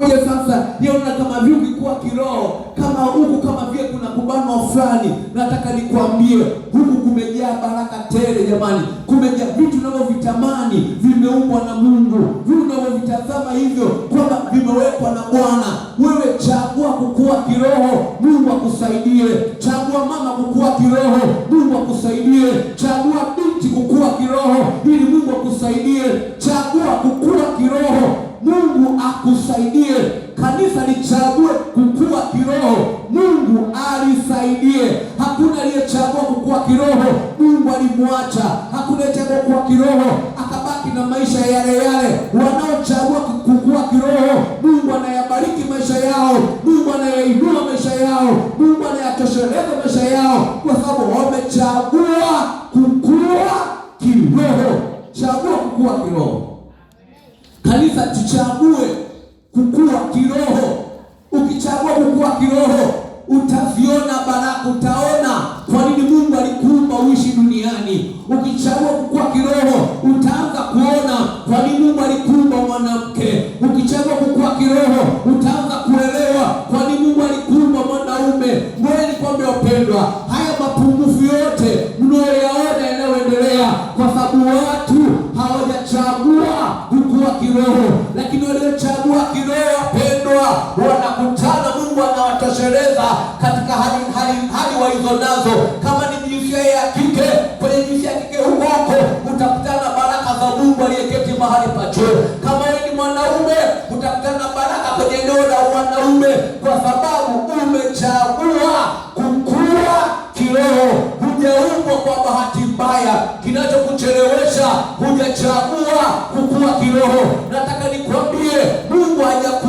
Oje sasa, yaona kama vile ukikuwa kiroho kama huku kama vile kuna kubanwa fulani. Nataka nikwambie huku kumejaa baraka tele jamani, kumejaa vitu unavyovitamani vimeumbwa na Mungu, vitu unavyovitazama hivyo kwamba vimewekwa na Bwana. Wewe chagua kukua kiroho, Mungu akusaidie. Chagua mama kukua kiroho, Mungu akusaidie. Chagua binti kukua kiroho, ili Mungu akusaidie. Chagua kukua kiroho alisaidie, kanisa lichague kukua kiroho, Mungu alisaidie. Hakuna aliyechagua kukua kiroho, Mungu alimwacha. Hakuna aliyechagua kukua kiroho akabaki na maisha yale yale. Wanaochagua kukua kiroho, Mungu anayabariki maisha yao, Mungu anayainua maisha yao, Mungu anayatosheleza maisha yao, kwa sababu wamechagua kukua kiroho. Chagua kukua kiroho, kanisa tuchague kukua kiroho. Ukichagua kukua kiroho, utaviona baraka, utaona kwa nini Mungu alikuumba uishi duniani. Ukichagua kukua kiroho, utaanza kuona kwa nini Mungu alikuumba mwanamke. Ukichagua kukua kiroho, utaanza kuelewa kwa nini Mungu alikuumba mwanaume. Ngoja nikwambie wapendwa, haya mapungufu yote mnayoyaona yanayoendelea kwa sababu watu hawa wa kiroho, lakini waliochagua kiroho, wapendwa, wanakutana, Mungu anawatosheleza katika hali hali hali walizo nazo. Kama ni jinsia ya kike, kwenye jinsia ya kike huko utakutana baraka za Mungu aliyeketi mahali pa juu. Kama wewe ni mwanaume, utakutana baraka kwenye eneo la wanaume, kwa sababu umechagua kukua kiroho. Hujaumbwa kwa bahati mbaya, kinachokuchelewesha hujachagua kiroho. Nataka